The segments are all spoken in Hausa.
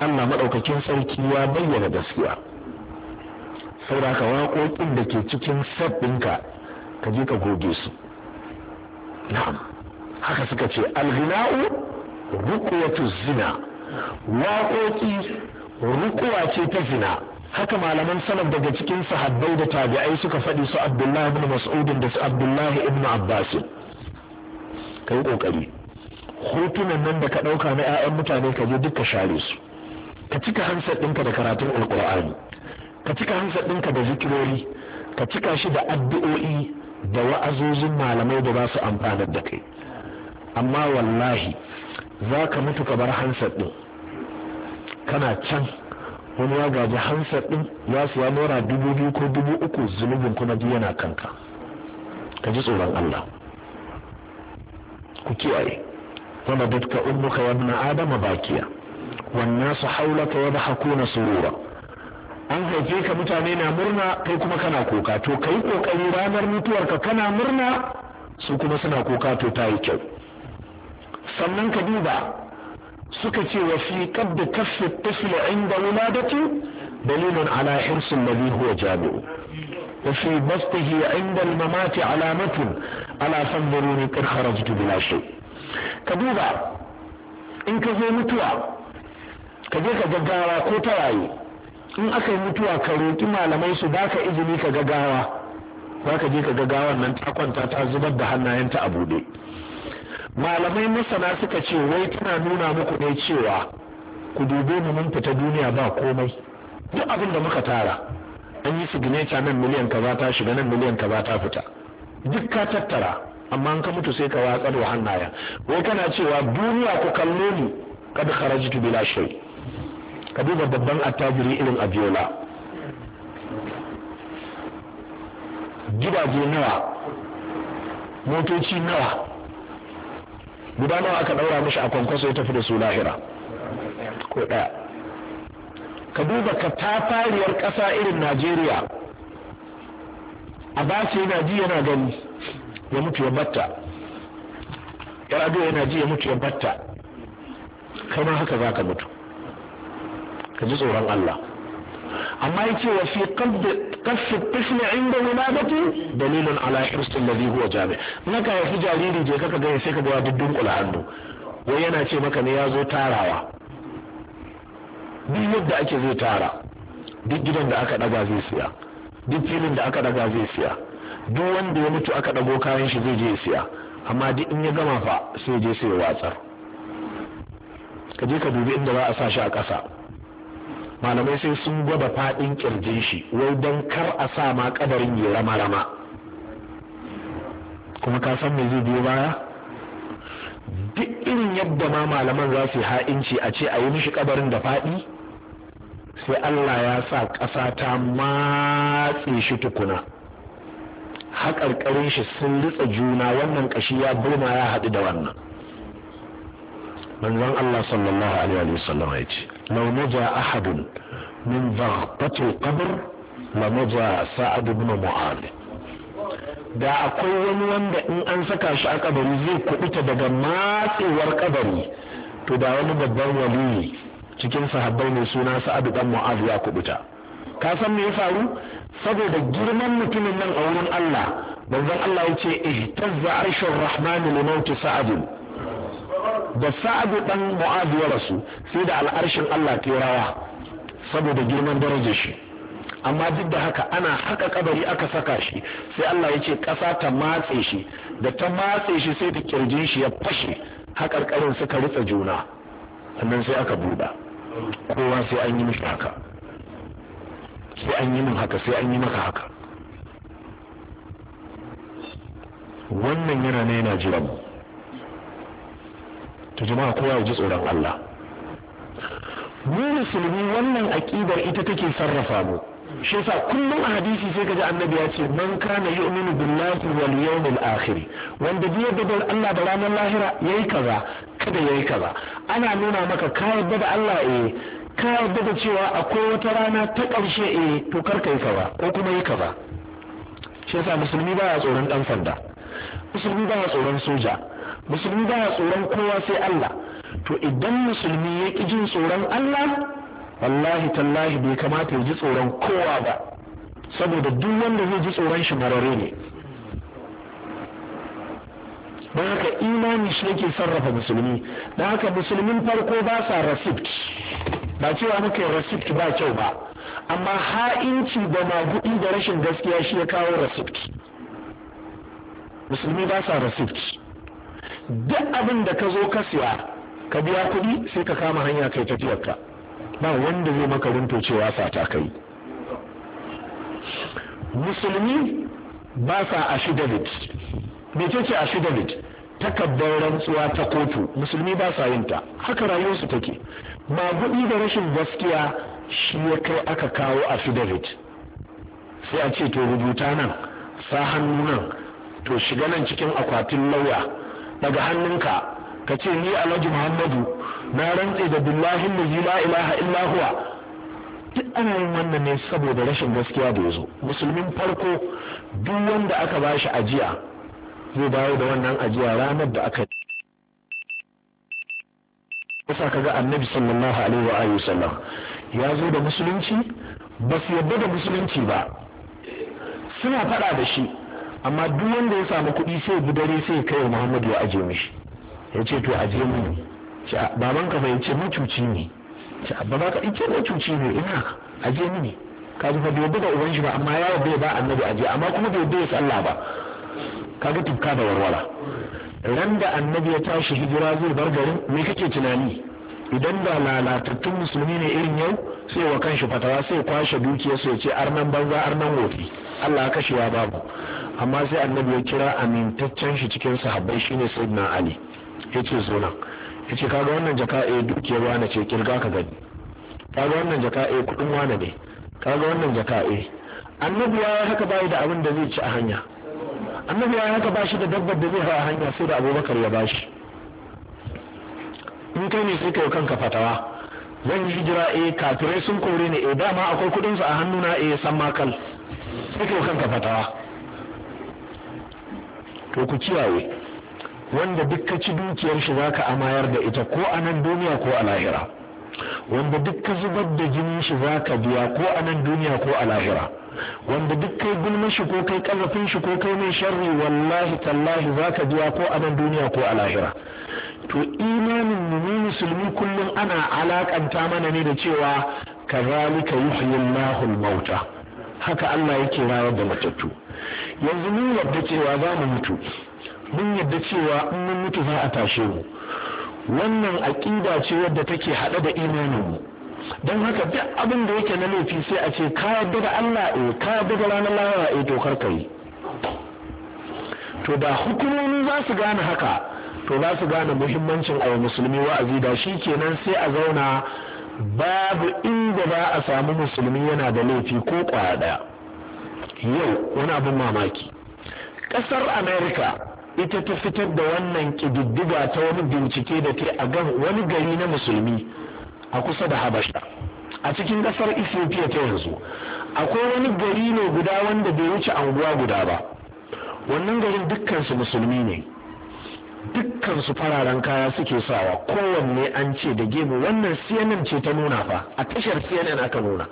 Allah maɗaukakin sarki ya bayyana gaskiya sauraka waƙoƙin da ke cikin sabbinka ka je ka goge su na'am haka suka ce alghina'u ruqwatu zina waƙoƙi rukuwa ce ta zina haka malaman salaf daga cikin sahabbai da tabi'ai suka faɗi su abdullahi ibn mas'udin da su abdullahi ibn abbas kai ƙoƙari. hotunan nan da ka ɗauka na 'ya'yan mutane ka je duk ka share su ka cika hansar ɗinka da karatun alƙur'ani ka cika hansar ɗinka da zikirori ka cika shi da addu'o'i da wa'azozin malamai da za su amfanar da kai amma wallahi za ka mutu ka bar hansar ɗin kana can wani ya gaji hansar ɗin ya siya naira dubu biyu ko dubu uku zunubin kuma ji yana kanka ka ji tsoron allah ku kiyaye ولدتك امك يا ابن ادم باكيا والناس حولك يضحكون سرورا an haife ka mutane na murna kai kuma kana kuka to kai kokari ranar mutuwarka kana murna su kuma suna kuka to ta yi kyau sannan ka duba suka ce wa fi kadda kaffi tifli inda wuladati dalilun ala hirsin ladhi huwa jabi'u wa fi bastihi inda al-mamati alamatun ala fanzuruni qad kharajtu bila shay' ka duba in ka zo mutuwa ka je ka gaggawa ko ta waye in aka yi mutuwa ka roƙi malamai su ka izini ka gaggawa za ka je ka gaggawa nan ta kwanta ta zubar da hannayenta a buɗe malamai masana suka ce wai tana nuna muku ne cewa ku dube mu mun fita duniya ba komai duk abin da muka tara an yi signature nan miliyan kaza ta shiga nan miliyan kaza ta fita duk ka tattara amma an ka mutu sai ka watsa wa hannaya wai kana cewa duniya ku kallo ni kad kharajtu bila shay ka duba babban attajiri irin abiola gidaje nawa motoci nawa guda nawa aka daura mishi a kwankwaso ya tafi da su lahira ko daya ka duba ka tafariyar ƙasa irin najeriya a ba yana ji yana gani ya mutu ya batta yar ado yana ji ya mutu ya batta kai ma haka za ka mutu ka ji tsoron Allah amma yake wa fi kaffi tifli inda wuladati dalilun ala hirsin ladhi huwa jami naka ya fi jariri je kaka gani sai ka ga duddun kula hannu wai yana ce maka ne ya zo tarawa duk yadda ake zai tara duk gidan da aka daga zai siya duk filin da aka daga zai siya duk wanda ya mutu aka ɗago kayan shi zai je ya siya amma duk in ya gama fa sai je sai watsar ka je ka dubi inda za a sa shi a ƙasa malamai sai sun gwada faɗin ƙirjin shi wai don kar a sa ma ƙadarin ya rama rama kuma ka san me zai biyo baya duk irin yadda ma malaman za su yi ha'inci a ce a yi mishi ƙabarin da faɗi sai Allah ya sa ƙasa ta matse shi tukuna haƙarƙarin shi sun ritsa juna wannan ƙashi ya burma ya haɗu da wannan manzon Allah sallallahu alaihi wa sallam ya ce law naja ahadun min dhaqati al-qabr la naja sa'ad ibn da akwai wani wanda in an saka shi a kabari zai kubuta daga matsewar kabari to da wani babban waliyi cikin sahabbai mai suna sa'ad dan mu'adh ya kubuta ka san me ya faru saboda girman mutumin nan a wurin Allah manzon Allah ya ce ihtazza arshur rahman li mauti sa'ad da sa'ad dan mu'adh ya rasu sai da al'arshin Allah ta rawa saboda girman darajar shi amma duk da haka ana haka kabari aka saka shi sai Allah ya ce kasa ta matse shi da ta matse shi sai da kirjin shi ya fashe haƙarƙarin suka ritsa juna sannan sai aka buɗa kowa sai an yi mishi haka sai an yi min haka sai an yi maka haka wannan yana ne yana jiran ta jama'a kowa ya ji tsoron Allah mu musulmi wannan aqidar ita take sarrafa mu shi yasa kullum a hadisi sai kaji annabi ya ce man kana yu'minu billahi wal yawmil akhir wanda bi yadda da Allah da ranar lahira yayi kaza kada yayi kaza ana nuna maka ka yadda da Allah eh ka yarda da cewa akwai wata rana ta ƙarshe eh to kar ka yi ba ko kuma yi ba shi yasa musulmi baya tsoron dan sanda musulmi baya tsoron soja musulmi baya tsoron kowa sai Allah to idan musulmi ya ƙi jin tsoron Allah wallahi tallahi bai kamata ya ji tsoron kowa ba saboda duk wanda zai ji tsoron shi marare ne don haka imani shi yake sarrafa musulmi don haka musulmin farko ba sa receipt ba cewa muka yi receipt ba kyau ba amma ha'inci da magudi da rashin gaskiya shi ya kawo receipt musulmi ba sa receipt duk abin da ka zo ka siya ka biya kuɗi sai ka kama hanya kai tafiyarka ba wanda zai maka runto cewa sata kai musulmi ba sa affidavit mecece affidavit takaddar rantsuwa ta kotu musulmi ba sa yinta ta haka rayuwarsu take ba da rashin gaskiya shi ya kai aka kawo affidavit sai a ce to rubuta nan sa hannu nan to shiga nan cikin akwatin lauya daga hannunka ka ce ni alhaji muhammadu na rantse da billahi la ilaha illa huwa duk ana yin wannan ne saboda rashin gaskiya da ya zo musulmin farko duk wanda aka ba shi ajiya zai dawo da wannan ajiya ranar da aka yasa kaga annabi sallallahu alaihi wa alihi wasallam ya zo da musulunci ba su yadda da musulunci ba suna faɗa da shi amma duk wanda ya samu kuɗi sai bi dare sai kai Muhammadu ya aje mishi ya ce to aje mu baban ka bai ce mutuci ne ce abba ba ka ce mutuci ne ina aje mu ne ka ji fa bai buga uban shi ba amma ya yarda ba annabi aje amma kuma bai yadda ya sallah ba kaga tukka da warwara ran da annabi ya tashi hijira zai bar garin me kake tunani idan da lalatattun musulmi ne irin yau sai wa kanshi fatawa sai kwashe dukiya sai ce arnan banza arnan wofi Allah kashewa babu amma sai annabi ya kira amintaccen shi cikin sahabbai shine sayyidina ali yace zo nan yace kaga wannan jaka eh dukiyar wani ce kirga ka gani kaga wannan jaka eh kudin wani ne kaga wannan jaka eh annabi ya haka bai da abin da zai ci a hanya annabi ya haka bashi da dabbar da zai hawa hanya sai da abubakar ya bashi in kai ne sai kai kanka fatawa zan yi hijira eh kafirai sun kore ni eh dama akwai kudin su a hannuna eh san makal sai kai kanka fatawa to ku kiyaye wanda duk ci dukiyar shi za ka amayar da ita ko a nan duniya ko a lahira wanda duk zubar da jinin shi za ka biya ko a nan duniya ko a lahira wanda duk kai gulma shi ko kai karfin shi ko kai mai sharri wallahi tallahi za ka biya ko a nan duniya ko a lahira to imanin mu musulmi kullum ana alakanta mana ne da cewa kazalika yuhyi Allahu al-mauta haka Allah yake rayar da matattu yanzu mun yadda cewa za mu mutu mun yadda cewa in mun mutu za a tashe mu wannan aƙida ce wadda take haɗe da imanin mu don haka duk abin da yake na laifi sai a ce ka yadda da Allah eh ka yadda da ranar lahira eh to kar yi.' to da hukumomi za su gane haka to za su gane muhimmancin a musulmi wa'azi da shi kenan sai a zauna babu inda za a samu musulmi yana da laifi ko kwaya daya yau wani abin mamaki ƙasar america ita ta fitar da wannan ƙididdiga ta wani bincike da ke a gan wani gari na musulmi a kusa da habasha a cikin kasar ethiopia ta yanzu akwai wani gari ne guda wanda bai wuce anguwa guda ba wannan garin dukkansu musulmi ne dukkansu fararen kaya suke sawa kowanne an ce da gemu wannan cnn ce ta nuna fa a tashar cnn aka nuna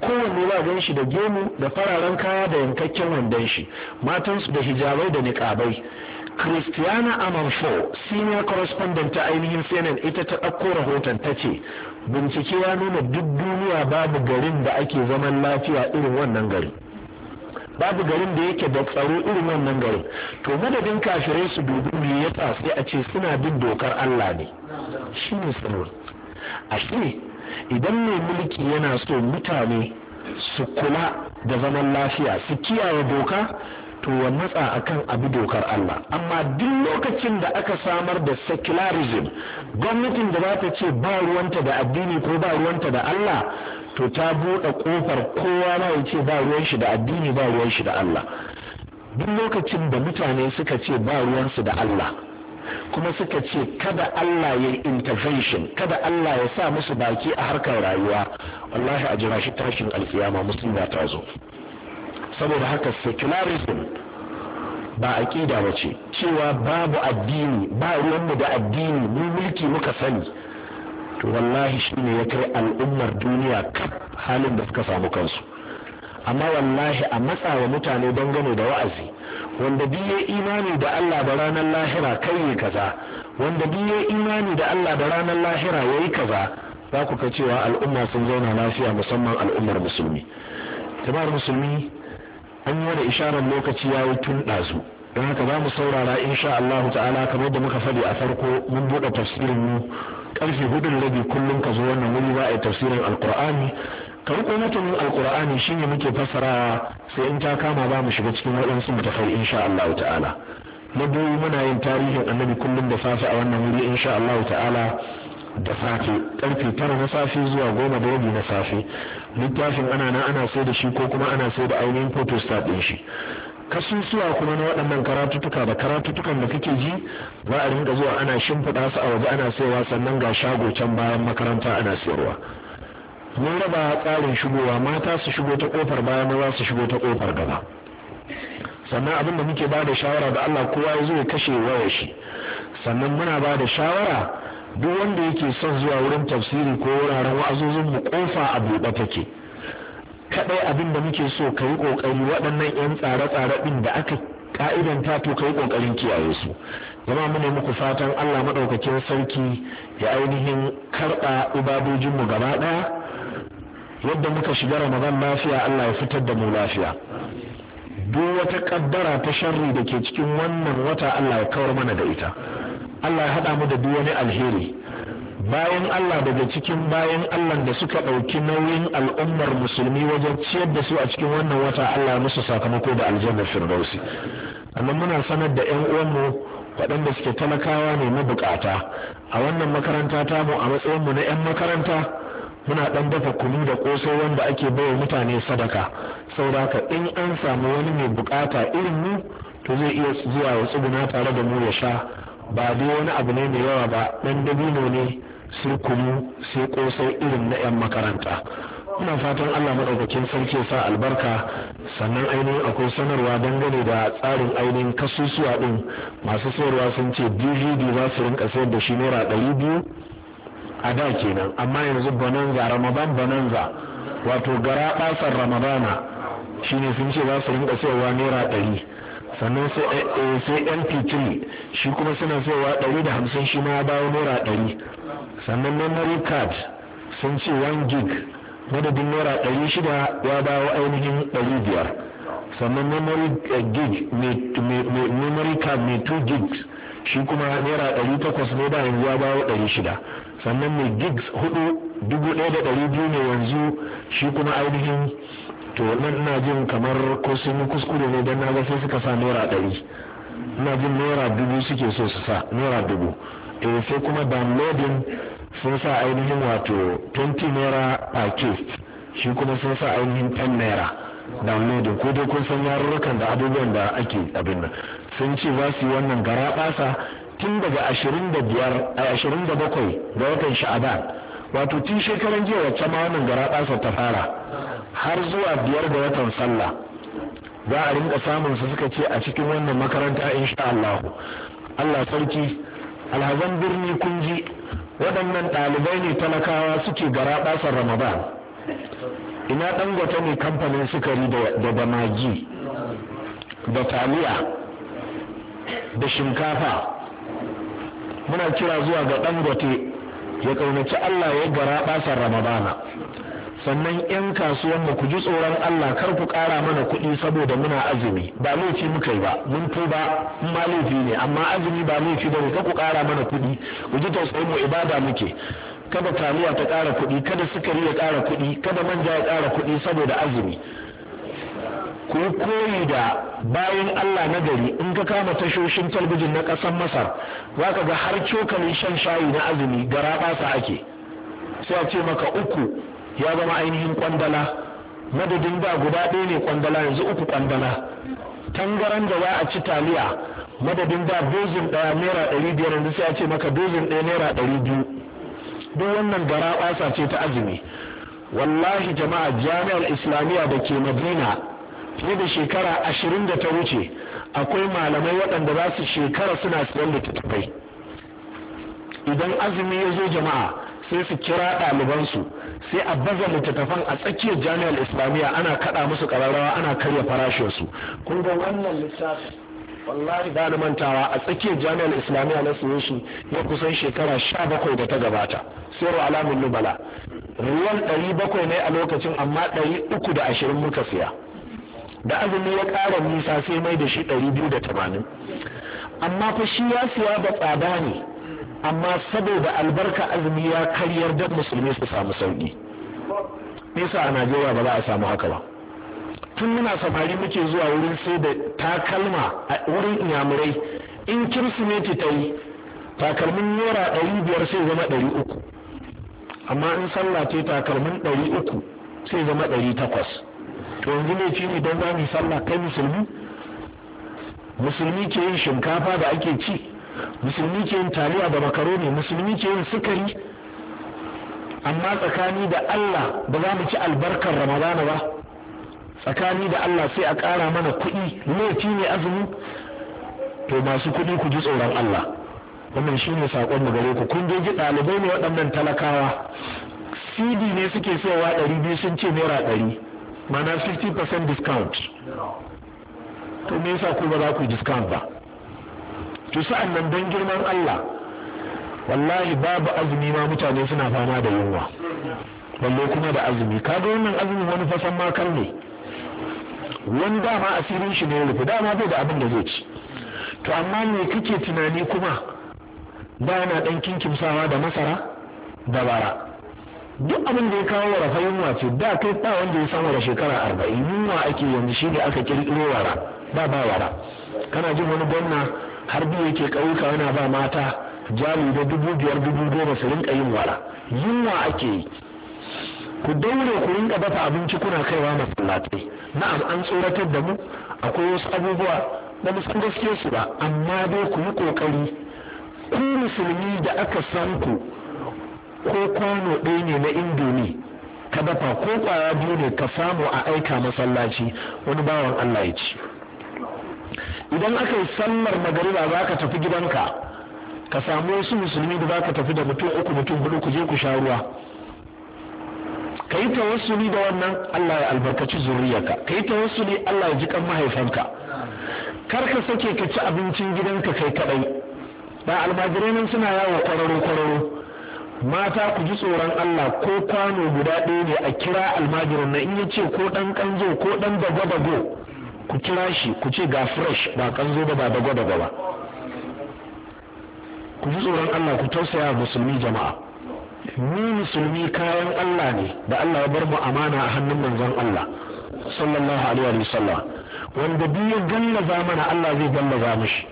kowanne ba gan shi da gemu da fararen kaya da yankakken wandon shi matansu da hijabai da niƙabai Cristiano Amalfo, senior correspondent ta ainihin CNN ita ta ɗauko rahoton ta ce, bincike ya nuna duk duniya babu garin da ake zaman lafiya irin wannan gari. Babu garin da yake da tsaro irin wannan garin. To madadin kafirai su dubi me yasa sai a ce suna bin dokar Allah ne. Shi ne tsaro. A shi idan mai mulki yana so mutane su kula da zaman lafiya su kiyaye doka to wa matsa akan abu dokar Allah amma duk lokacin da aka samar da secularism gwamnatin da za ta ce ba ruwanta da addini ko ba ruwanta da Allah to ta buɗe kofar kowa ma ya ce ba ruwan shi da addini ba ruwan shi da Allah duk lokacin da mutane suka ce ba ruwan su da Allah kuma suka ce kada Allah ya intervention kada Allah ya sa musu baki a harkar rayuwa wallahi a jira shi tashin alkiyama musulma ta zo saboda haka secularism ba aƙida ba ce cewa babu addini ba ruwanmu da addini mu mulki muka sani to wallahi shine ya kai al'ummar duniya kaf halin da suka samu kansu amma wallahi a matsawa mutane dangane da wa'azi wanda biye imani da Allah da ranar lahira kai yi kaza wanda biye imani da Allah da ranar lahira yayi kaza za ku ga cewa al'umma sun zauna lafiya musamman al'ummar musulmi jama'ar musulmi an yi wani isharar lokaci ya yi tun ɗazu don haka za mu saurara insha Allah ta'ala kamar da muka faɗi a farko mun buɗe tafsirin mu karfe hudun rabi kullum ka zo wannan wuri za a yi tafsirin alkur'ani ka riko mutumin alkur'ani shine muke fassara sai in ta kama ba mu shiga cikin waɗansu mutafai insha Allah ta'ala na biyu muna yin tarihin annabi kullum da safe a wannan wuri insha Allah ta'ala da safe karfe tara na safe zuwa goma da rabi na safe littafin ana nan ana sai da shi ko kuma ana sai da ainihin photostat ɗin shi kasusuwa kuma na waɗannan karatutuka da karatutukan da kake ji za a rinka zuwa ana shimfiɗa su a waje ana sayarwa sannan ga shago can bayan makaranta ana sayarwa mun raba tsarin shigowa mata su shigo ta kofar baya maza su shigo ta kofar gaba sannan abin da muke ba da shawara da Allah kowa ya zo ya kashe wayar shi sannan muna ba da shawara duk wanda yake son zuwa wurin tafsiri ko wuraren wa'azozin mu kofa a buɗe take kadai abin da muke so ka yi kokari waɗannan 'yan tsare-tsare ɗin da aka ka'idanta to ka yi kokarin kiyaye su zama mu ne muku fatan allah maɗaukakin sarki ya ainihin karɓa mu gaba ɗaya yadda muka shiga ramadan lafiya allah ya fitar da mu lafiya duk wata kaddara ta sharri da ke cikin wannan wata allah ya kawar mana da ita Allah ya haɗa mu da duk wani alheri bayan Allah daga cikin bayan Allah da suka ɗauki nauyin al'ummar musulmi wajen ciyar da su a cikin wannan wata Allah ya musu sakamako da aljannar firdausi amma muna sanar da yan uwanmu waɗanda suke talakawa ne na bukata a wannan makaranta mu a matsayin mu na 'yan makaranta muna ɗan dafa kunu da ƙosai wanda ake baiwa mutane sadaka saboda haka in an samu wani mai bukata irin mu to zai iya zuwa ya tsuguna tare da mu ya sha ba dai wani abu ne mai yawa ba dan dabino ne sai kuma sai kosai irin na 'yan makaranta ina fatan allah madaukakin sarki sa albarka sannan ainihin akwai sanarwa dangane da tsarin ainihin kasusuwa din masu sayarwa sun ce dvd za su rinka sayar da shi naira ɗari biyu a da kenan amma yanzu bananza ramadan bananza wato gara basar ramadana shine sun ce za su rinka sayarwa naira ɗari sannan sai mp3 eh, eh, shi kuma suna saiwa ɗari da hamsin shi ma ya dawo naira ɗari sannan memory card sun ce 1 gig madadin naira ɗari shida ya dawo ainihin ɗari biyar sannan memory eh, gig memory card mai 2 gigs shi kuma naira ɗari takwas ne da yanzu ya dawo ɗari shida sannan mai gigs hudu dubu ɗaya da ɗari biyu ne yanzu shi kuma ainihin to nan ina jin kamar ko sun kuskure ne don na ga sai suka sa naira ɗari ina jin naira dubu suke so su sa naira dubu eh sai kuma downloading sun sa ainihin wato 20 naira per case shi kuma sun sa ainihin 10 naira downloading ko dai kun san yarurrukan da abubuwan da ake abin nan sun ce za su yi wannan gara basa tun daga 27 eh, ga watan sha'aban wato tun shekaran jiya wacce ma wannan gara basa ta fara har zuwa biyar ga watan sallah za a rinka samun su suka ce a cikin wannan makaranta insha Allah Allah sarki alhazan birni kunji. waɗannan ɗalibai ne talakawa suke gara ɗasar ramadan ina ɗan ɗangwata ne kamfanin sukari da da da taliya da shinkafa muna kira zuwa ga ɗan gwate. ya ƙaunaci Allah ya gara ɗasar ramadana sannan yan kasuwan mu ku ji tsoron Allah kar ku ƙara mana kuɗi saboda muna azumi ba laifi muka yi ba mun tuba in ma laifi ne amma azumi ba laifi ba kar ku ƙara mana kuɗi ku ji tausayin mu ibada muke kada taliya ta ƙara kuɗi kada sukari ya ƙara kuɗi kada manja ya ƙara kuɗi saboda azumi ku koyi da bayan Allah na gari in ka kama tashoshin talbijin na ƙasar Masar za ka ga har cokalin shan shayi na azumi gara sa ake sai a ce maka uku ya zama ainihin kwandala madadin da guda ɗaya ne kwandala yanzu uku kwandala tangaran da za a ci taliya madadin da dozin ɗaya naira ɗari biyar yanzu sai a ce maka dozin ɗaya naira ɗari biyu duk wannan gara ɓasa ce ta azumi wallahi jama'a jami'ar islamiyya da ke madina fiye da shekara ashirin da ta wuce akwai malamai waɗanda za su shekara suna siyan littattafai idan azumi ya zo jama'a sai su kira ɗalibansu sai a baza littattafan a tsakiyar jami'ar islamiyya ana kaɗa musu ƙararrawa ana karya farashinsu kun wannan littafi wallahi ba mantawa a tsakiyar jami'ar islamiyya na shi ya kusan shekara sha bakwai da ta gabata sero alamun nubala ruwan ɗari bakwai ne a lokacin amma ɗari uku da ashirin muka siya da azumi ya ƙara nisa sai mai da shi ɗari biyu da tamanin amma fa shi ya siya da tsada ne amma saboda albarka azumi ya karyar da musulmi su samu sauki nesa a najeriya ba za a samu haka ba tun muna samari muke zuwa wurin sai da takalma a wurin inyamurai in kirsimeti ta yi takalmin yora ɗari biyar sai zama ɗari uku amma in sallah ce takalmin ɗari uku sai zama ɗari takwas to yanzu ne ci ne don za mu sallah kai musulmi musulmi ke yin shinkafa da ake ci musulmi ke yin taliya da makaroni musulmi ke yin sukari amma tsakani da Allah ba za mu ci albarkar ramadana ba tsakani da Allah sai a kara mana kuɗi laifi ne azumi to masu kuɗi ku ji tsoron Allah wannan shine sakon mu gare ku kun je ɗalibai ne waɗannan talakawa cd ne suke sayawa ɗari biyu sun ce naira ɗari mana 50% discount to me yasa ku ba za ku discount ba to sa'an nan don girman Allah wallahi babu azumi ma mutane suna fama da yunwa balle kuma da azumi kaga wannan azumin wani fasan makar ne wani dama asirin shi ne rufe dama bai da abin da zai ci to amma me kake tunani kuma da na dan kinkimsawa da masara da bara duk abin da ya kawo wa rafa yunwa ce da kai ba wanda ya samu da shekara arba'in yunwa ake yanzu shi ne aka kirkiro wara ba ba wara kana jin wani gwamna har biyu yake ƙauyuka yana ba mata jami da dubu biyar dubu goma su rinka yin wara yunwa ake yi ku daure ku rinka dafa abinci kuna kaiwa masallatai na'am an tsoratar da mu akwai wasu abubuwa da mu san gaskiyar su ba amma dai ku yi kokari ku musulmi da aka san ku ko kwano ɗaya ne na indomi ka dafa ko kwaya biyu ne ka samu a aika masallaci wani bawan Allah ya ci idan aka yi sallar magariba za ka tafi gidanka ka samu wasu musulmi da za ka tafi da mutum uku mutum hudu ku je ku sha ruwa ka yi tawassuli da wannan Allah ya albarkaci zuriyarka ka yi tawassuli Allah ya ji kan mahaifanka kar ka sake ka ci abincin gidanka kai kadai ba almajirai suna yawo kwararo kwararo mata ku ji tsoron Allah ko kwano guda ɗaya ne a kira almajirin na in ya ce ko ɗan kanzo ko ɗan dago dago ku kira shi ku ce ga fresh ba zo ba ba dago dago ba ku ji tsoron Allah ku tausaya musulmi jama'a ni musulmi kayan Allah ne da Allah ya bar mu amana a hannun manzon Allah sallallahu alaihi wa sallam wanda duk ya gallaza mana Allah zai gallaza mishi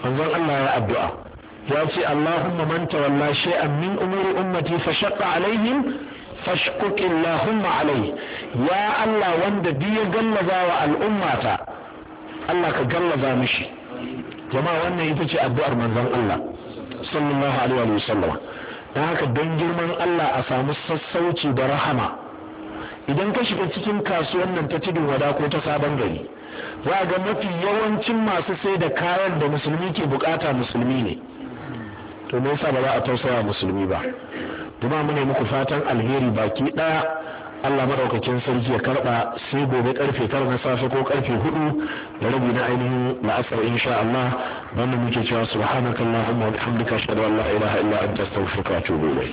manzon Allah ya addu'a ya ce Allahumma man tawalla shay'an min umuri ummati fa shaqqa alaihim fashkuk Allahumma alai ya Allah wanda duk ya gallaza wa al'ummata Allah ka gallaza mishi jama'a wannan ita ce addu'ar manzon Allah sallallahu alaihi wa sallama. dan haka don girman Allah a samu sassauci da rahama idan ka shiga cikin kasuwan nan ta tudun wada ko ta sabon gari za ga mafi yawancin masu sai da kayan da musulmi ke bukata musulmi ne to me yasa ba za a tausaya musulmi ba kuma mu ne muku fatan alheri baki daya Allah madaukakin sarki ya karɓa sai gobe karfe tara na safe ko karfe hudu da rabi na ainihin la'asar insha Allah wannan muke cewa subhanakallahumma wa bihamdika ashhadu an la ilaha illa anta astaghfiruka wa atubu ilayk